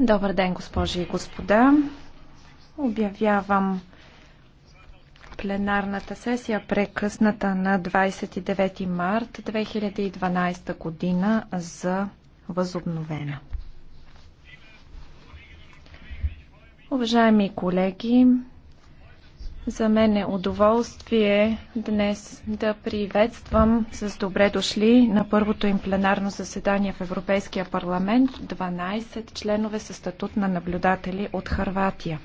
Добър ден, госпожи и господа. Обявявам пленарната сесия, прекъсната на 29 март 2012 година за възобновена. Уважаеми колеги, за мен е удоволствие днес да приветствам с добре дошли на първото им пленарно заседание в Европейския парламент 12 членове със статут на наблюдатели от Харватия.